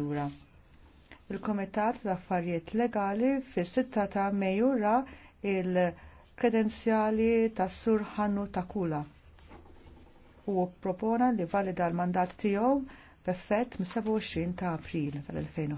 proċedura. Il-Komitat l-Affarijiet Legali fis-6 ta' Mejju ra il-kredenzjali ta' Sur Hannu Takula u propona li valida l-mandat tiegħu b'effett mis-27 ta' April tal-2000.